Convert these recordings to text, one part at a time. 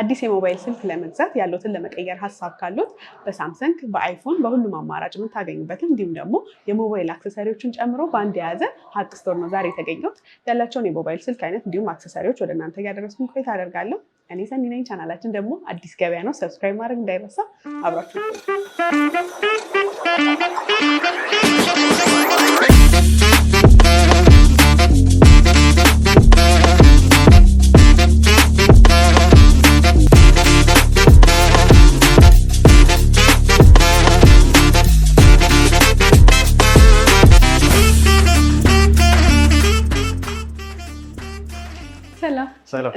አዲስ የሞባይል ስልክ ለመግዛት ያለትን ለመቀየር ሀሳብ ካሉት በሳምሰንግ በአይፎን በሁሉም አማራጭ የምታገኙበት እንዲሁም ደግሞ የሞባይል አክሰሰሪዎችን ጨምሮ በአንድ የያዘ ሀቅ ስቶር ነው ዛሬ የተገኘሁት። ያላቸውን የሞባይል ስልክ አይነት እንዲሁም አክሰሰሪዎች ወደ እናንተ እያደረስኩኝ ቆይታ አደርጋለሁ። እኔ ሰኒ ነኝ። ቻናላችን ደግሞ አዲስ ገበያ ነው። ሰብስክራይብ ማድረግ እንዳይረሳ። አብራችሁ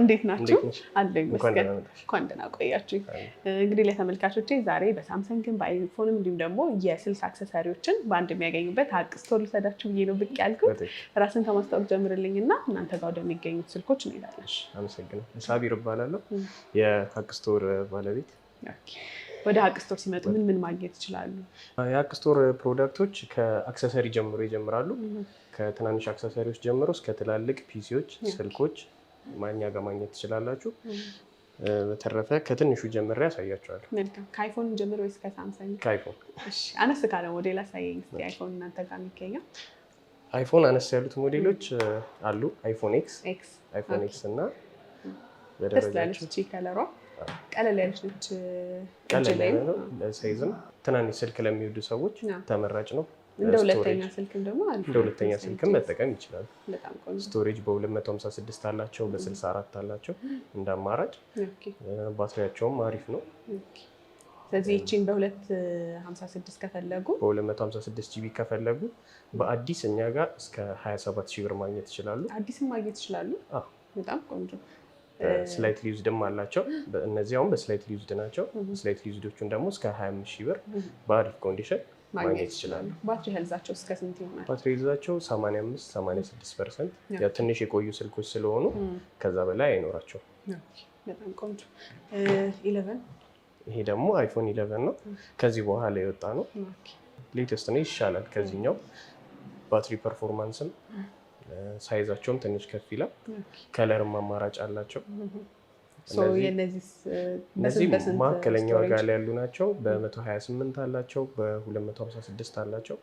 እንዴት ናችሁ? አለኝ መስገን እንኳን ደህና ቆያችሁ። እንግዲህ ለተመልካቾቼ ዛሬ በሳምሰንግን በአይፎንም እንዲሁም ደግሞ የስልክ አክሰሰሪዎችን በአንድ የሚያገኙበት ሀቅ ስቶር ልሰዳችሁ ብዬ ነው ብቅ ያልኩት። ራስን ከማስታወቅ ጀምርልኝ እና እናንተ ጋር ወደሚገኙት ስልኮች እንሄዳለን። አመሰግናለሁ። ሳቢር እባላለሁ የሀቅ ስቶር ባለቤት። ወደ ሀቅ ስቶር ሲመጡ ምን ምን ማግኘት ይችላሉ? የሀቅ ስቶር ፕሮዳክቶች ከአክሰሰሪ ጀምሮ ይጀምራሉ። ከትናንሽ አክሰሰሪዎች ጀምሮ እስከ ትላልቅ ፒሲዎች፣ ስልኮች ማኛ ጋር ማግኘት ትችላላችሁ። በተረፈ ከትንሹ ጀምሬ ያሳያቸዋል። መልካም። ከአይፎን ጀምር ወይስ ከሳምሰንግ? ከአይፎን አነስ ካለ ሞዴል አሳየኝ እስኪ። አይፎን እናንተ ጋር የሚገኘው አይፎን አነስ ያሉት ሞዴሎች አሉ። አይፎን ኤክስ ኤክስ አይፎን ኤክስ እና በደረጃቸው ከለሯ ቀለል ያለች ነች። ቀለል ነው ለሳይዝም ትናንሽ ስልክ ለሚወዱ ሰዎች ተመራጭ ነው። እንደ ሁለተኛ ስልክም ደግሞ እንደ ሁለተኛ ስልክም መጠቀም ይችላል። ስቶሬጅ በ256 አላቸው፣ በ64 አላቸው እንደ አማራጭ። ባትሪያቸውም አሪፍ ነው። ስለዚህ ይቺን በ256 ከፈለጉ በ256 ጂቢ ከፈለጉ በአዲስ እኛ ጋር እስከ 27 ሺ ብር ማግኘት ይችላሉ። አዲስም ማግኘት ይችላሉ። በጣም ቆንጆ ስላይት ሊዩዝድም አላቸው። እነዚያውም አሁን በስላይት ሊዩዝድ ናቸው። ስላይት ሊዩዝዶቹን ደግሞ እስከ 25 ሺ ብር በአሪፍ ኮንዲሽን ማግኘት ይችላሉ። ባትሪ ሄልዛቸው እስከ ስንት ይሆናል? ባትሪ ሄልዛቸው 85 86 ፐርሰንት፣ ያው ትንሽ የቆዩ ስልኮች ስለሆኑ ከዛ በላይ አይኖራቸው። በጣም ቆንጆ ይሄ ደግሞ አይፎን ኢለቨን ነው፣ ከዚህ በኋላ የወጣ ነው። ሌተስት ነው፣ ይሻላል ከዚህኛው ባትሪ ፐርፎርማንስም። ሳይዛቸውም ትንሽ ከፍ ይላል። ከለርም አማራጭ አላቸው። እነዚህ መካከለኛ ዋጋ ላይ ያሉ ናቸው። በ128 አላቸው፣ በ256 አላቸው፣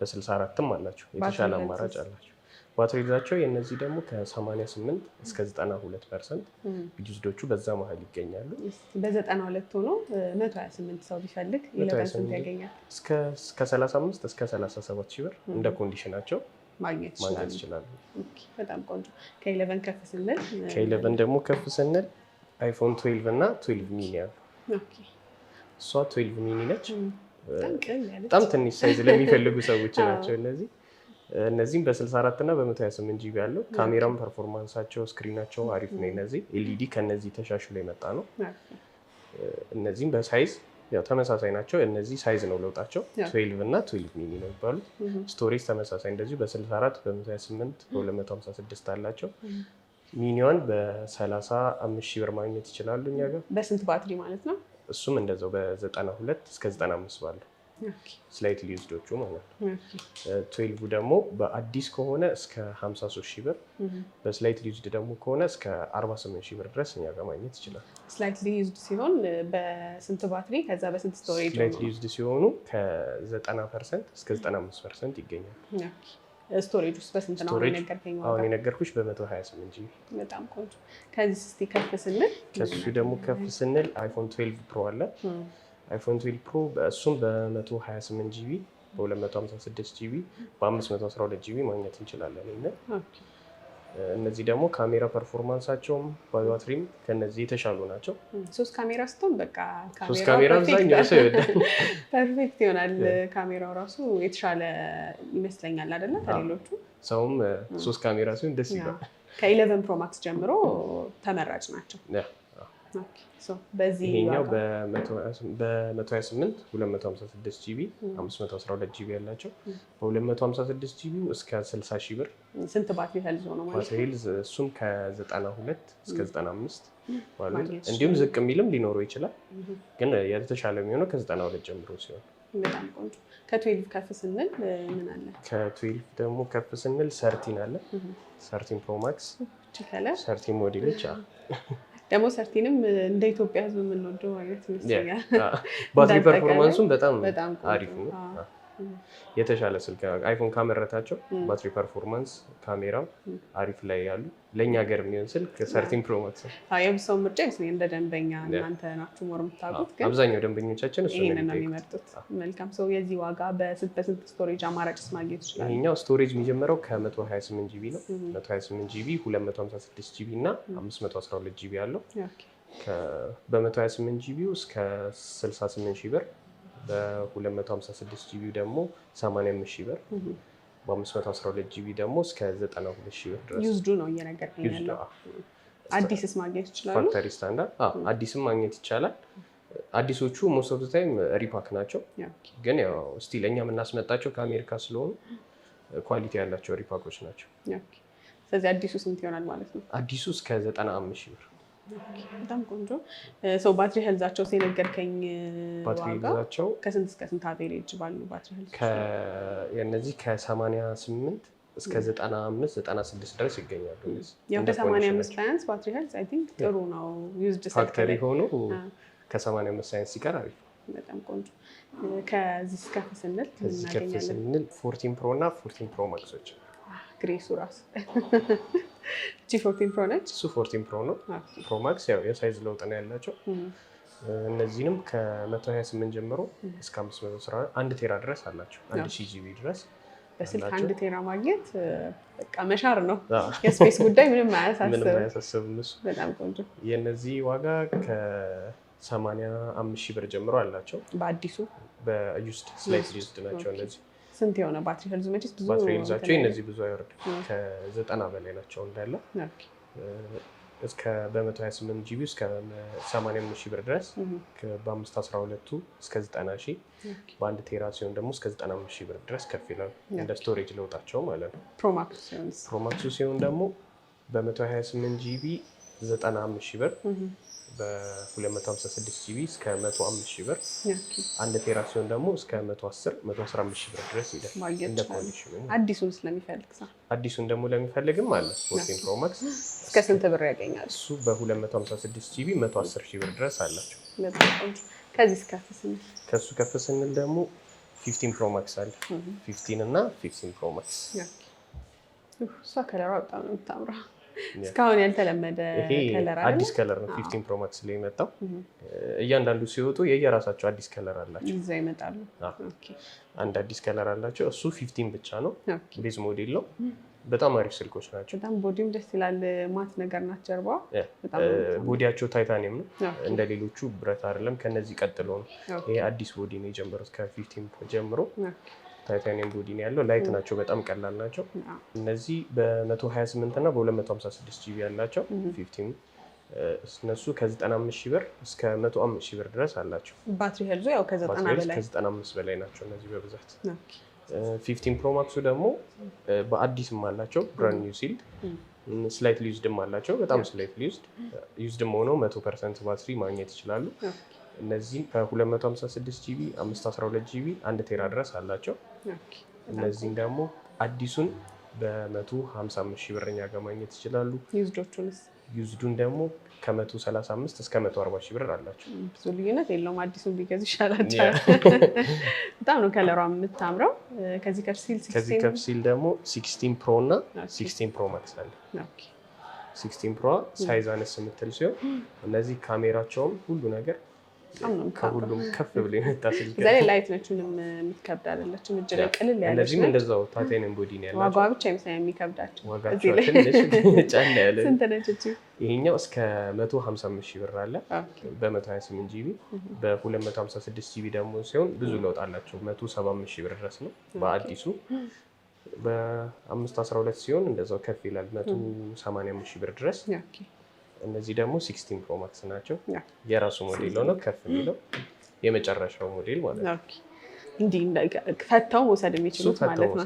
በ64ም አላቸው። የተሻለ አማራጭ አላቸው። ባትሪ ሄልዛቸው የእነዚህ ደግሞ ከ88 እስከ 92 ፐርሰንት ቢጅዝዶቹ በዛ መሀል ይገኛሉ። በ92 ሆኖ 128 ሰው ቢፈልግ ይለበስንት ያገኛል። ከ35 እስከ 37 ሺህ ብር እንደ ኮንዲሽናቸው ማግኘት ይችላሉ። በጣም ቆንጆ ከኢለቨን ከፍ ስንል ከኢለቨን ደግሞ ከፍ ስንል አይፎን 12 እና 12 ሚኒ አሉ። እሷ 12 ሚኒ ነች። በጣም ትንሽ ሳይዝ ለሚፈልጉ ሰዎች ናቸው እነዚህ። እነዚህም በ64 እና በ128 ጂቢ ያለው ካሜራም ፐርፎርማንሳቸው ስክሪናቸው አሪፍ ነው። እነዚህ ኤልኢዲ ከነዚህ ተሻሽሎ የመጣ ነው። እነዚህም በሳይዝ ያው ተመሳሳይ ናቸው። እነዚህ ሳይዝ ነው ለውጣቸው። ትዌልቭ እና ትዌልቭ ሚኒ ነው የሚባሉት። ስቶሬጅ ተመሳሳይ እንደዚሁ በ64 በ128 በ256 አላቸው። ሚኒዋን በ35 ሺህ ብር ማግኘት ይችላሉ። እኛ ጋር በስንት ባትሪ ማለት ነው? እሱም እንደዛው በ92 እስከ 95 ባለ ስላይት ሊዩዝዶቹ ማለት ነው። ትዌልቭ ደግሞ በአዲስ ከሆነ እስከ 53 ሺ ብር፣ በስላይት ሊዩዝድ ደግሞ ከሆነ እስከ 48 ሺ ብር ድረስ እኛ ጋር ማግኘት ይችላል። ስላይት ሊዩዝድ ሲሆን በስንት ባትሪ ከዛ በስንት ስቶሬጅ? ስላይት ሊዩዝድ ሲሆኑ ከ90 ፐርሰንት እስከ 95 ፐርሰንት ይገኛል። ስቶሬጅ ውስጥ በስንት ነው የነገርከኝ? አሁን የነገርኩሽ በመቶ ሀያ ስምንት ጂቢ። በጣም ቆንጆ። ከዚህ እስኪ ከፍ ስንል ከሱ ደግሞ ከፍ ስንል አይፎን ትዌልቭ ፕሮ አለ። አይፎን ትዌልቭ ፕሮ እሱም በመቶ ሀያ ስምንት ጂቢ፣ በሁለት መቶ ሀምሳ ስድስት ጂቢ፣ በአምስት መቶ አስራ ሁለት ጂቢ ማግኘት እንችላለን። እነዚህ ደግሞ ካሜራ ፐርፎርማንሳቸውም ባትሪም ከነዚህ የተሻሉ ናቸው። ሶስት ካሜራ ስትሆን በቃ ሶስት ካሜራ አብዛኛው ሰው ይወዳል። ፐርፌክት ይሆናል። ካሜራው ራሱ የተሻለ ይመስለኛል አይደለ? ከሌሎቹ ሰውም ሶስት ካሜራ ሲሆን ደስ ይላል። ከኢለቨን ፕሮማክስ ጀምሮ ተመራጭ ናቸው። ይሄኛው በ128 256 ጂቢ 512 ጂቢ ያላቸው በ256 ጂቢ እስከ 60 ሺህ ብር ስንት ባትሪ ሄልዝ ሆነ ማለት ነው። እሱም ከ92 እስከ 95 ማለት እንዲሁም ዝቅ የሚልም ሊኖረው ይችላል። ግን የተሻለ የሚሆነው ከ92 ጀምሮ ሲሆን በጣም ቆንጆ። ከትዌልቭ ከፍ ስንል ምን አለ? ከትዌልቭ ደግሞ ከፍ ስንል ሰርቲን አለ። ሰርቲን ፕሮማክስ ሰርቲን ሞዴሎች ደግሞ ሰርቲንም እንደ ኢትዮጵያ ህዝብ የምንወደው ማለት ይመስለኛል። ባትሪ ፐርፎርማንሱም ah. በጣም አሪፍ ነው። ah. የተሻለ ስልክ አይፎን ካመረታቸው ባትሪ ፐርፎርማንስ፣ ካሜራው አሪፍ ላይ ያሉ ለእኛ ሀገር የሚሆን ስልክ ሰርቲን ፕሮ ማክስ ምርጫ ይስ እንደ ደንበኛ እናንተ ናችሁ ሞር የምታውቁት፣ ግን አብዛኛው ደንበኞቻችን እሱ ነው የሚመርጡት። መልካም ሰው። የዚህ ዋጋ በስንት በስንት ስቶሬጅ ስ ማግኘት ይችላል? ይኛው ስቶሬጅ የሚጀምረው ከ128 ጂቢ ነው። 128 ጂቢ፣ 256 ጂቢ እና 512 ጂቢ አለው። በ128 ጂቢ እስከ 68 ሺህ ብር በ256 ጂቢ ደግሞ 85 ሺህ ብር በ512 ጂቢ ደግሞ እስከ 92 ሺህ ብር ድረስ ዩዝዱ ነው ያለው። አዲስስ ማግኘት ይችላሉ። ፋክተሪ ስታንዳርድ አዲስም ማግኘት ይቻላል። አዲሶቹ ሞስት ኦፍ ታይም ሪፓክ ናቸው፣ ግን ያው እኛ የምናስመጣቸው ከአሜሪካ ስለሆኑ ኳሊቲ ያላቸው ሪፓኮች ናቸው። ስለዚህ አዲሱ ስንት ይሆናል ማለት ነው? አዲሱ እስከ 95 ሺህ ብር በጣም ቆንጆ ሰው ባትሪ ህልዛቸው ሲነገርከኝ ዋጋቸው ከስንት እስከ ስንት አቬሬጅ ባሉ ባትሪ ሄልዝ እነዚህ ከሰማንያ ስምንት እስከ ዘጠና አምስት ዘጠና ስድስት ድረስ ይገኛሉ። ያው ከሰማንያ አምስት ሳያንስ ባትሪ ሄልዝ አይ ቲንክ ጥሩ ነው። ዩዝድ ፋክተሪ ሆኖ ከሰማንያ አምስት ሳያንስ ሲቀር አሪፍ ነው። በጣም ቆንጆ ከዚህ ከፍ ስንል ከዚህ ከፍ ስንል ፎርቲን ፕሮ እና ፎርቲን ፕሮ ማክሶች ግሬሱ ራሱ ጂ ፎርቲን ፕሮ ነች። እሱ ፎርቲን ፕሮ ነው። ፕሮ ማክስ ያው የሳይዝ ለውጥ ነው ያላቸው። እነዚህንም ከ128 ጀምሮ እስከ 511 አንድ ቴራ ድረስ አላቸው። አንድ ሺ ጂቢ ድረስ በስልክ አንድ ቴራ ማግኘት በቃ መሻር ነው። የስፔስ ጉዳይ ምንም አያሳስብም። እሱ በጣም ቆንጆ። የእነዚህ ዋጋ ከ አምስት ሺህ ብር ጀምሮ አላቸው። በአዲሱ በዩስድ ስላይስ ዩስድ ናቸው እነዚህ ስንት የሆነ ባትሪ ሄልዝ መቼስ ብዙ ባትሪ ሄልዛቸው እነዚህ ብዙ አይወርድ ከዘጠና በላይ ናቸው እንዳለ እስከ በመቶ 28 ጂቢ እስከ 85 ሺህ ብር ድረስ በአ 512 ቱ እስከ ዘጠና ሺህ በአንድ ቴራ ሲሆን ደግሞ እስከ 95 ሺህ ብር ድረስ ከፍ ይላል። እንደ ስቶሬጅ ለውጣቸው ማለት ነው። ፕሮማክሱ ሲሆን ደግሞ በ128 ጂቢ 95 ሺህ ብር በ256 ጂቢ እስከ 105 ሺህ ብር፣ አንድ ቴራ ሲሆን ደግሞ እስከ 110 115 ሺህ ብር ድረስ ይሄዳል። እንደ ኮንዲሽኑ አዲሱን ስለሚፈልግ አዲሱን ደግሞ ለሚፈልግም አለ ፎርቲን ፕሮ ማክስ እስከ ስንት ብር ያገኛል? እሱ በ256 ጂቢ 110 ሺህ ብር ድረስ አላቸው። ከዚህ ከፍ ስንል ከሱ ከፍ ስንል ደግሞ ፊፍቲን ፕሮ ማክስ አለ። ፊፍቲን እና ፊፍቲን ፕሮ ማክስ እሷ ከለሯ በጣም ነው የምታምረው። እስካሁን ያልተለመደ አዲስ ከለር ነው። ፊፍቲን ፕሮማክስ ላይ የመጣው እያንዳንዱ ሲወጡ የየራሳቸው አዲስ ከለር አላቸው ይመጣሉ። አንድ አዲስ ከለር አላቸው። እሱ ፊፍቲን ብቻ ነው። ቤዝ ሞዴል ነው። በጣም አሪፍ ስልኮች ናቸው። በጣም ቦዲም ደስ ይላል። ማት ነገር ናት ጀርባ። ቦዲያቸው ታይታኒየም ነው፣ እንደ ሌሎቹ ብረት አይደለም። ከነዚህ ቀጥሎ ነው ይሄ አዲስ ቦዲ ነው የጀመሩት ከፊፍቲን ጀምሮ ታይታኒየም ቦዲን ያለው። ላይት ናቸው፣ በጣም ቀላል ናቸው። እነዚህ በ128 እና በ256 ጂቢ ያላቸው ፊፍቲን እነሱ ከ95 ሺ ብር እስከ 105 ሺ ብር ድረስ አላቸው። ባትሪ ሄልዙ ያው ከ95 በላይ ናቸው እነዚህ በብዛት ፊፍቲን ፕሮማክሱ ደግሞ በአዲስም አላቸው ብራንድ ኒው ሲልድ ስላይትሊ ዩዝድም አላቸው። በጣም ስላይትሊ ዩዝድ ዩዝድም ሆነው መቶ ፐርሰንት ባትሪ ማግኘት ይችላሉ። እነዚህም ከ256 ጂቢ 512 ጂቢ አንድ ቴራ ድረስ አላቸው። እነዚህም ደግሞ አዲሱን በ155 ሺህ ብርኛ እኛ ጋር ማግኘት ይችላሉ። ዩዝዶቹንስ? ዩዝዱን ደግሞ ከ135 እስከ 140 ሺህ ብር አላቸው። ብዙ ልዩነት የለውም። አዲሱን ቢገዙ ይሻላቸዋል። በጣም ነው ከለሯ የምታምረው። ከዚህ ከፍ ሲል ደግሞ 16 ፕሮ እና 16 ፕሮ ማክስ አለ። 16 ፕሮ ሳይዝ አነስ የምትል ሲሆን እነዚህ ካሜራቸውም ሁሉ ነገር ከሁሉም ከፍ ብሎ የመጣ ስልክ ዛሬ ላይት ነች። ምንም የምትከብድ አይደለችም። እጅ ላይ ቅልል ያለች እነዚህም እንደዛው ታቴን ቦዲ ነው ያላቸው። ዋጋዋ ብቻ ይመስላል የሚከብዳቸው። ዋጋቸው ትንሽ ጫና ያለ ስንት ነች? ይሄኛው እስከ 155 ሺህ ብር አለ በ128 ጂቢ፣ በ256 ጂቢ ደግሞ ሲሆን ብዙ ለውጥ አላቸው 175 ሺህ ብር ድረስ ነው በአዲሱ በ512 ሲሆን እንደዛው ከፍ ይላል 185 ሺህ ብር ድረስ እነዚህ ደግሞ ሲክስቲን ፕሮማክስ ናቸው። የራሱ ሞዴል ሆነው ከፍ የሚለው የመጨረሻው ሞዴል ማለት ነው። እንዲህ ፈተው መውሰድ የሚችሉት ማለት ነው።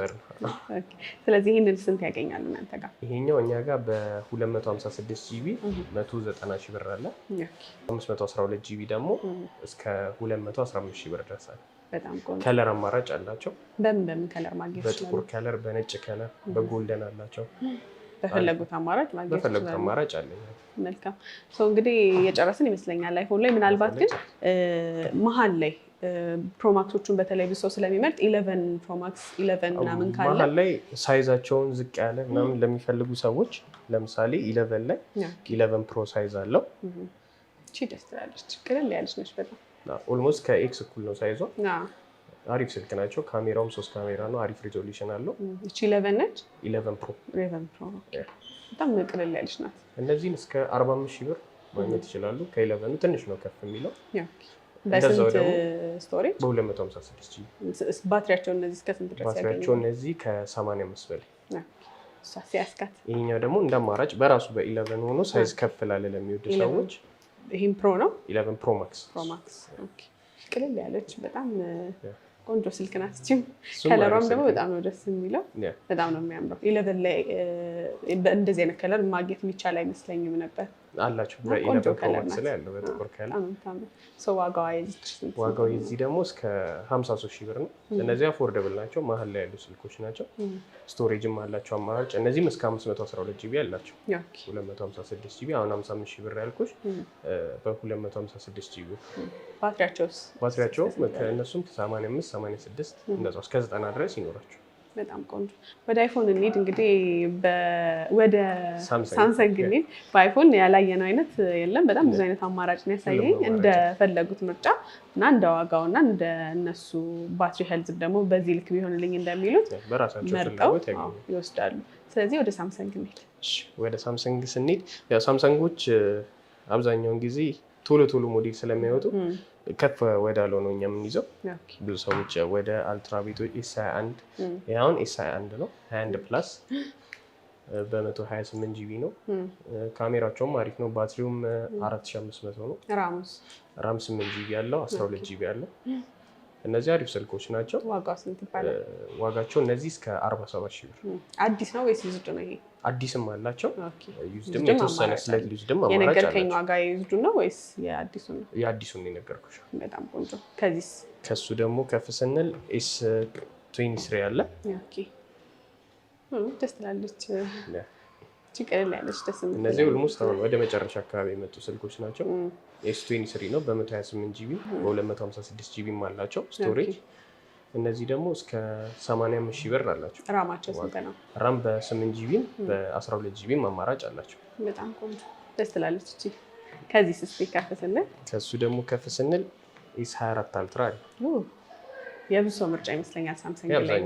ስለዚህ ይህንን ስንት ያገኛሉ እናንተ ጋር? ይሄኛው እኛ ጋር በ256 ጂቢ 190 ሺ ብር አለ። 512 ጂቢ ደግሞ እስከ 215 ሺ ብር ድረስ አለ። ከለር አማራጭ አላቸው። በምን በምን ከለር ማግኘት? በጥቁር ከለር፣ በነጭ ከለር፣ በጎልደን አላቸው። በፈለጉት አማራጭ ማግኘት በፈለጉት አማራጭ አለ። መልካም እንግዲህ የጨረስን ይመስለኛል። አይፎን ላይ ምናልባት ግን መሀል ላይ ፕሮማክሶቹን በተለይ ብሰው ስለሚመርጥ ኢለቨን ፕሮማክስ ኢለቨን ምናምን ካለ መሀል ላይ ሳይዛቸውን ዝቅ ያለ ምናምን ለሚፈልጉ ሰዎች ለምሳሌ ኢለቨን ላይ ኢለቨን ፕሮ ሳይዝ አለው። ደስ ትላለች። ቅልል ያለች ነች በጣም ኦልሞስት ከኤክስ እኩል ነው ሳይዟ አሪፍ ስልክ ናቸው። ካሜራውም ሶስት ካሜራ ነው። አሪፍ ሪዞሉሽን አለው። እቺ ኢለቨን ነች። ኢለቨን ፕሮ ኢለቨን ፕሮ በጣም ቅልል ያለች ናት። እነዚህን እስከ አርባ አምስት ሺህ ብር ማግኘት ይችላሉ። ከኢለቨኑ ትንሽ ነው ከፍ የሚለው በስንት ስቶሬጅ? በ256 ጂ ባትሪያቸው እነዚህ እስከ ስንት ድረስ ባትሪያቸው እነዚህ ከ85 በላይ ሲያስካት። ይሄኛው ደግሞ እንደ አማራጭ በራሱ በኢለቨን ሆኖ ሳይዝ ከፍ ላለ ለሚወዱ ሰዎች ይህም ፕሮ ነው። ኢለቨን ፕሮ ማክስ ፕሮ ማክስ ቅልል ያለች በጣም ቆንጆ ስልክ ናት። እችም ከለሯም ደግሞ በጣም ነው ደስ የሚለው፣ በጣም ነው የሚያምረው። ኢለቨን ላይ እንደዚህ አይነት ከለር ማግኘት የሚቻል አይመስለኝም ነበር። አላቸው በኢነበር ከለርስ ላይ ያለው በጥቁር ከለር ዋጋው የዚህ ደግሞ እስከ 53 ሺህ ብር ነው። እነዚህ አፎርደብል ናቸው። መሀል ላይ ያሉ ስልኮች ናቸው። ስቶሬጅም አላቸው አማራጭ። እነዚህም እስከ 512 ጂቢ አላቸው። 256 ጂቢ አሁን 55 ሺህ ብር ያልኩሽ በ256 ጂቢ ባትሪያቸው ከእነሱም 85 86 እንደዛው እስከ 90 ድረስ ይኖራቸው በጣም ቆንጆ። ወደ አይፎን እንሂድ እንግዲህ ወደ ሳምሰንግ እንሂድ። በአይፎን ያላየነው አይነት የለም። በጣም ብዙ አይነት አማራጭ ነው ያሳየኝ እንደፈለጉት ምርጫ እና እንደ ዋጋው እና እንደ እነሱ ባትሪ ሄልዝ ደግሞ በዚህ ልክ ቢሆንልኝ እንደሚሉት መርጠው ይወስዳሉ። ስለዚህ ወደ ሳምሰንግ እንሂድ። ወደ ሳምሰንግ ስንሄድ ያው ሳምሰንጎች አብዛኛውን ጊዜ ቶሎ ቶሎ ሞዴል ስለሚያወጡ ከፍ ወዳለው ነው እኛ የምንይዘው። ብዙ ሰዎች ወደ አልትራ ቤቶች ኤስ 21 አሁን ኤስ 21 ነው 21 ፕላስ በ128 ጂቢ ነው። ካሜራቸውም አሪፍ ነው። ባትሪውም 4500 ነው። ራም 8 ጂቢ ያለው 12 ጂቢ ያለው እነዚህ አሪፍ ስልኮች ናቸው። ዋጋው ስንት ይባላል? ዋጋቸው እነዚህ እስከ 47 ሺህ ብር። አዲስ ነው ወይስ ዩዝድ ነው? ይሄ አዲስም አላቸው ዩዝድም የተወሰነ ስለ ዩዝድም አማራጭ አላቸው። የነገርከኝ ዋጋ የዩዝዱ ነው ወይስ የአዲሱ ነው? የአዲሱ ነው የነገርኩሽ። በጣም ቆንጆ። ከዚህ ከሱ ደግሞ ከፍ ስንል ኤስ ትዌንቲ ስሪ አለ። ደስ ትላለች። ችቅርል ያለች ደስ የምትል እነዚህ ኦልሞስት አሁን ወደ መጨረሻ አካባቢ የመጡ ስልኮች ናቸው። ኤስ ቱዌንቲ ስሪ ነው በ128 ጂቢ በ256 ጂቢም አላቸው ስቶሬጅ። እነዚህ ደግሞ እስከ 85 ሺህ ብር አላቸው። ራማቸው ስንት ነው? ራም በ8 ጂቢም በ12 ጂቢም አማራጭ አላቸው። በጣም ቆንጆ ደስ ትላለች እቺ። ከዚህ ስስ ከፍ ስንል ከሱ ደግሞ ከፍ ስንል ኤስ 24 አልትራ አለ የብዙ ሰው ምርጫ ይመስለኛል። ሳምሰንግ ላይ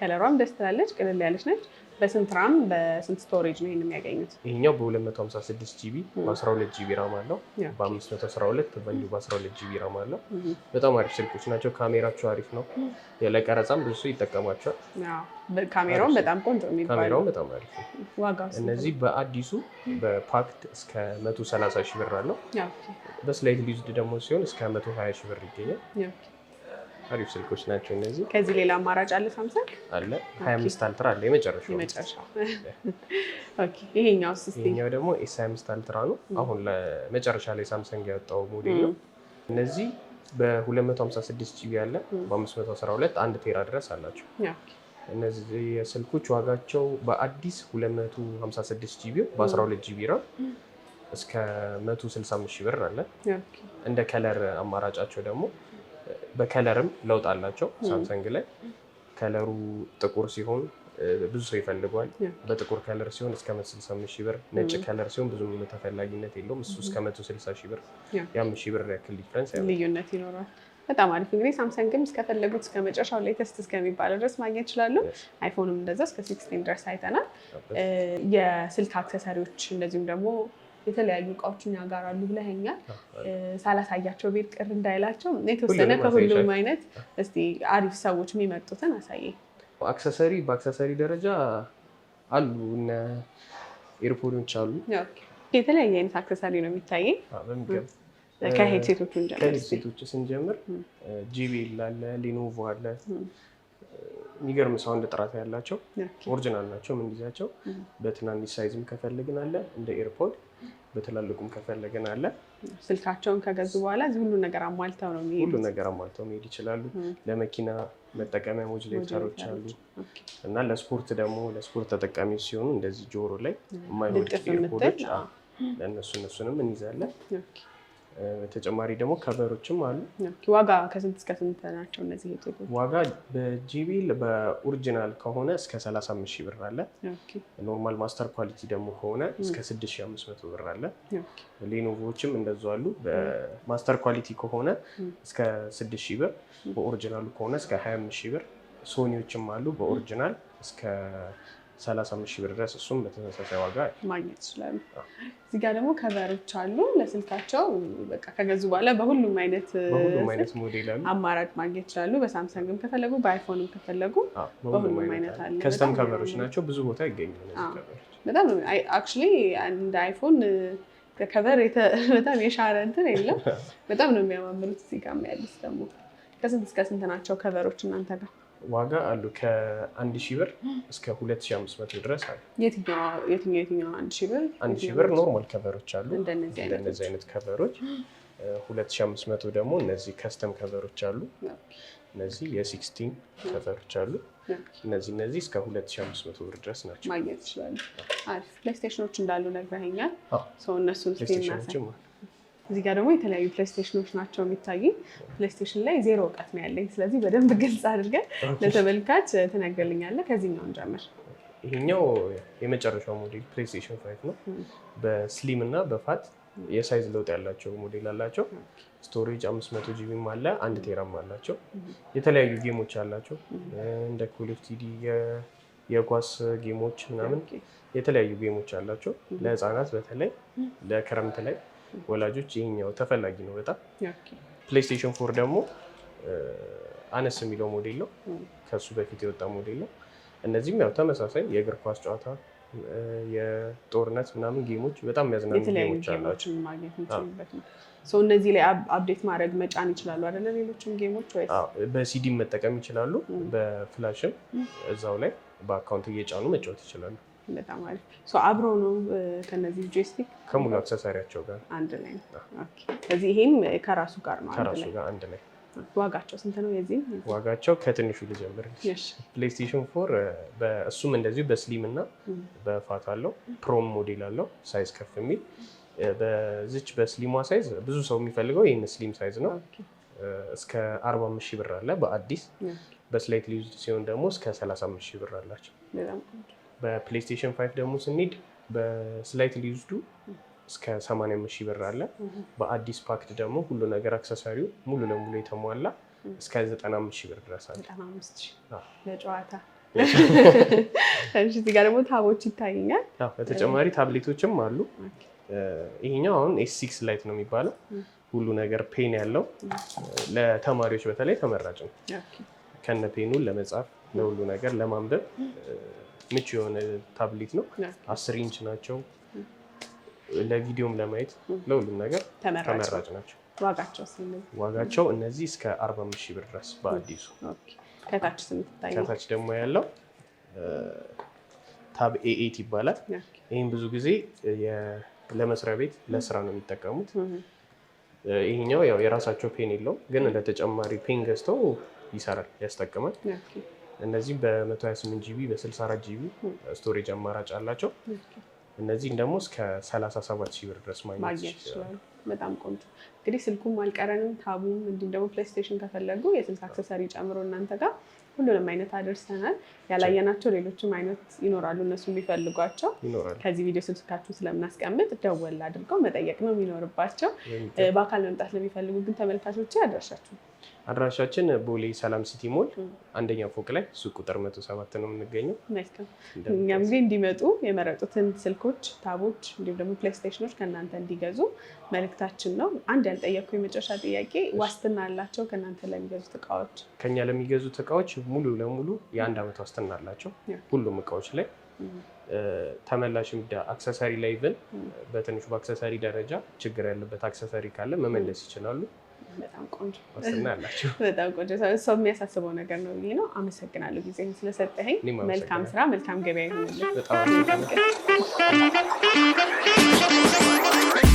ከለሯም ደስ ትላለች፣ ቅልል ያለች ነች። በስንት ራም በስንት ስቶሬጅ ነው ይህን የሚያገኙት? ይሄኛው በ256 ጂቢ በ12 ጂቢ ራም አለው። በ512 በእንዲሁ በ12 ጂቢ ራም አለው። በጣም አሪፍ ስልኮች ናቸው። ካሜራቸው አሪፍ ነው። ለቀረጻም ብዙ ሰው ይጠቀማቸዋል። ካሜራውን በጣም ቆንጆ የሚባለው በጣም አሪፍ ነው። እነዚህ በአዲሱ በፓክት እስከ 130 ሺህ ብር አለው። በስላይድ ሊዝድ ደግሞ ሲሆን እስከ 120 ሺህ ብር ይገኛል። አሪፍ ስልኮች ናቸው እነዚህ። ከዚህ ሌላ አማራጭ አለ ሳምሰንግ አለ 25 አልትራ አለ የመጨረሻው የመጨረሻው። ይሄኛው ይሄኛው ደግሞ ኤስ 25 አልትራ ነው። አሁን መጨረሻ ላይ ሳምሰንግ ያወጣው ሞዴል ነው። እነዚህ በ256 ጂቢ አለ በ512 አንድ ቴራ ድረስ አላቸው። እነዚህ የስልኮች ዋጋቸው በአዲስ 256 ጂቢ በ12 ጂቢ ራም እስከ 165 ሺህ ብር አለ። እንደ ከለር አማራጫቸው ደግሞ በከለርም ለውጥ አላቸው። ሳምሰንግ ላይ ከለሩ ጥቁር ሲሆን ብዙ ሰው ይፈልገዋል። በጥቁር ከለር ሲሆን እስከ 165 ሺህ ብር፣ ነጭ ከለር ሲሆን ብዙም ተፈላጊነት የለውም። እሱ እስከ 160 ሺህ ብር፣ ያም ሺህ ብር ያክል ዲፍረንስ ልዩነት ይኖረዋል። በጣም አሪፍ እንግዲህ ሳምሰንግም እስከፈለጉት እስከ መጨረሻው ሌተስት እስከሚባለው ድረስ ማግኘት ይችላሉ። አይፎንም እንደዛ እስከ ሲክስቲን ድረስ አይተናል። የስልክ አክሰሰሪዎች እንደዚሁም ደግሞ የተለያዩ እቃዎች እኛ ጋር አሉ ብለኸኛል። ሳላሳያቸው ቤት ቅር እንዳይላቸው የተወሰነ ከሁሉም አይነት እስኪ አሪፍ ሰዎች የሚመጡትን አሳየኝ። አክሰሰሪ በአክሰሰሪ ደረጃ አሉ እነ ኤርፖዶች አሉ። የተለያየ አይነት አክሰሰሪ ነው የሚታየኝ። ሴቶች ስንጀምር ጂቤል አለ፣ ሊኖቮ አለ። የሚገርም ሳውንድ ጥራት ያላቸው ኦሪጂናል ናቸው። ምንጊዜያቸው በትናንሽ ሳይዝም ከፈልግን አለ እንደ ኤርፖድ በትላልቁም ከፈለግን አለ። ስልካቸውን ከገዙ በኋላ እዚህ ሁሉ ነገር አሟልተው ነው የሚሄዱት። ሁሉ ነገር አሟልተው መሄድ ይችላሉ። ለመኪና መጠቀሚያ ሞጅሌተሮች አሉ እና ለስፖርት ደግሞ ለስፖርት ተጠቃሚዎች ሲሆኑ እንደዚህ ጆሮ ላይ የማይወድቅ ኤርፖዶች ለእነሱ እነሱንም እንይዛለን። ተጨማሪ ደግሞ ከቨሮችም አሉ። ዋጋ ከስንት እስከ ስንት ናቸው እነዚህ ዋጋ በጂቢ በኦሪጂናል ከሆነ እስከ 35 ሺህ ብር አለ። ኖርማል ማስተር ኳሊቲ ደግሞ ከሆነ እስከ 6500 ብር አለ። ሌኖቮችም እንደዛ አሉ። በማስተር ኳሊቲ ከሆነ እስከ 6 ሺህ ብር፣ በኦሪጂናሉ ከሆነ እስከ 25 ሺህ ብር። ሶኒዎችም አሉ በኦሪጂናል እስከ ሰላሳ ሺህ ብር ድረስ እሱም በተመሳሳይ ዋጋ ማግኘት ይችላሉ። እዚህ ጋር ደግሞ ከቨሮች አሉ ለስልካቸው በቃ ከገዙ በኋላ በሁሉም አይነት ሞዴል አሉ አማራጭ ማግኘት ይችላሉ። በሳምሰንግም ከፈለጉ በአይፎንም ከፈለጉ በሁሉም አይነት አለ። ከስተም ከቨሮች ናቸው፣ ብዙ ቦታ ይገኛሉ። በጣም አክቹዋሊ እንደ አይፎን ከቨር በጣም የሻረ እንትን የለም። በጣም ነው የሚያማምሩት። እዚህ ጋር ያሉት ደግሞ ከስንት እስከ ስንት ናቸው ከቨሮች እናንተ ጋር? ዋጋ አሉ ከአንድ ሺህ ብር እስከ ሁለት ሺህ አምስት መቶ ድረስ አሉ። የትኛው የትኛው? አንድ ሺህ ብር አንድ ሺህ ብር ኖርማል ከቨሮች አሉ እንደነዚህ አይነት ከቨሮች። ሁለት ሺህ አምስት መቶ ደግሞ እነዚህ ከስተም ከቨሮች አሉ። እነዚህ የሲክስቲን ከቨሮች አሉ። እነዚህ እነዚህ እስከ ሁለት ሺህ አምስት መቶ ብር ድረስ ናቸው ማግኘት ይችላሉ። አሪፍ ፕሌይስቴሽኖች እንዳሉ ነግረኸኛል። ሰው እነሱን ስቴ እዚህ ጋር ደግሞ የተለያዩ ፕሌስቴሽኖች ናቸው የሚታዩ። ፕሌስቴሽን ላይ ዜሮ እውቀት ነው ያለኝ። ስለዚህ በደንብ ግልጽ አድርገን ለተመልካች ትነግርልኛለህ። ከዚህኛው እንጀምር። ይሄኛው የመጨረሻው ሞዴል ፕሌስቴሽን ፋይቭ ነው። በስሊም እና በፋት የሳይዝ ለውጥ ያላቸው ሞዴል አላቸው። ስቶሬጅ መቶ ጂቢም አለ፣ አንድ ቴራም አላቸው። የተለያዩ ጌሞች አላቸው እንደ ኮል ኦፍ ዲዩቲ የኳስ ጌሞች ምናምን የተለያዩ ጌሞች አላቸው። ለህፃናት በተለይ ለክረምት ላይ ወላጆች ይሄኛው ተፈላጊ ነው በጣም። ፕሌይስቴሽን ፎር ደግሞ አነስ የሚለው ሞዴል ነው፣ ከሱ በፊት የወጣ ሞዴል ነው። እነዚህም ያው ተመሳሳይ የእግር ኳስ ጨዋታ፣ የጦርነት ምናምን ጌሞች በጣም የሚያዝናኑ ጌሞች አላቸው። እነዚህ ላይ አፕዴት ማድረግ መጫን ይችላሉ አይደለ? ሌሎችም ጌሞች በሲዲም መጠቀም ይችላሉ፣ በፍላሽም እዛው ላይ በአካውንት እየጫኑ መጫወት ይችላሉ። በጣም አሪፍ አብሮ ነው። ከነዚህ ጆይስቲክ ከሙሉ ጋር አንድ ላይ ከዚህ ይሄም ከራሱ ጋር ነው፣ ከራሱ ጋር አንድ ላይ። ዋጋቸው ስንት ነው? የዚህም ዋጋቸው ከትንሹ ልጀምር። ፕሌይስቴሽን ፎር እሱም እንደዚሁ በስሊም እና በፋት አለው። ፕሮም ሞዴል አለው፣ ሳይዝ ከፍ የሚል በዚች በስሊሟ ሳይዝ ብዙ ሰው የሚፈልገው ይህን ስሊም ሳይዝ ነው። እስከ 45 ሺህ ብር አለ በአዲስ በስላይት ሊዩዝድ ሲሆን ደግሞ እስከ 35 ሺህ ብር አላቸው። በፕሌይስቴሽን ፋይቭ ደግሞ ስንሄድ በስላይት ሊዝዱ እስከ 85 ሺህ ብር አለ። በአዲስ ፓክድ ደግሞ ሁሉ ነገር አክሰሰሪው ሙሉ ለሙሉ የተሟላ እስከ 95 ሺህ ብር ድረስ አለ። ለጨዋታ እዚህ ጋር ደግሞ ታቦች ይታይኛል። በተጨማሪ ታብሌቶችም አሉ። ይሄኛው አሁን ኤስ ሲክስ ላይት ነው የሚባለው። ሁሉ ነገር ፔን ያለው ለተማሪዎች በተለይ ተመራጭ ነው። ከነ ፔኑ ለመጻፍ ለሁሉ ነገር ለማንበብ ምቹ የሆነ ታብሌት ነው። አስር ኢንች ናቸው። ለቪዲዮም ለማየት ለሁሉም ነገር ተመራጭ ናቸው። ዋጋቸው እነዚህ እስከ 45 ሺህ ብር ድረስ በአዲሱ ከታች ደግሞ ያለው ታብ ኤኤት ይባላል። ይህም ብዙ ጊዜ ለመስሪያ ቤት ለስራ ነው የሚጠቀሙት። ይሄኛው ያው የራሳቸው ፔን የለውም፣ ግን ለተጨማሪ ፔን ገዝተው ይሰራል፣ ያስጠቅማል። እነዚህም በ128 ጂቢ በ64 ጂቢ ስቶሬጅ አማራጭ አላቸው። እነዚህም ደግሞ እስከ 37 ሺህ ብር ድረስ ማግኘት ይችላሉ። በጣም ቆንጆ እንግዲህ ስልኩም አልቀረንም፣ ታቡም እንዲሁም ደግሞ ፕሌይስቴሽን ከፈለጉ የስልክ አክሰሰሪ ጨምሮ እናንተ ጋር ሁሉንም አይነት አደርሰናል። ያላየናቸው ሌሎችም አይነት ይኖራሉ፣ እነሱ ቢፈልጓቸው ከዚህ ቪዲዮ ስልካችሁ ስለምናስቀምጥ ደወል አድርገው መጠየቅ ነው የሚኖርባቸው። በአካል መምጣት ለሚፈልጉ ግን ተመልካቾች ያደርሳችሁ አድራሻችን ቦሌ ሰላም ሲቲ ሞል አንደኛ ፎቅ ላይ ሱቅ ቁጥር መቶ ሰባት ነው የምንገኘው። እኛም ጊዜ እንዲመጡ የመረጡትን ስልኮች፣ ታቦች እንዲሁም ደግሞ ፕሌስቴሽኖች ከእናንተ እንዲገዙ መልእክታችን ነው። አንድ ያልጠየቅኩ የመጨረሻ ጥያቄ ዋስትና አላቸው ከእናንተ ለሚገዙት እቃዎች? ከኛ ለሚገዙት እቃዎች ሙሉ ለሙሉ የአንድ አመት ዋስትና አላቸው ሁሉም እቃዎች ላይ ተመላሽ ምዳ አክሰሰሪ ላይ ብን በትንሹ በአክሰሰሪ ደረጃ ችግር ያለበት አክሰሰሪ ካለ መመለስ ይችላሉ። በጣም ቆንጆ በጣም ቆንጆ ሰው የሚያሳስበው ነገር ነው ብዬ ነው። አመሰግናለሁ ጊዜህን ስለሰጠኝ። መልካም ስራ፣ መልካም ገበያ ይሆንልን።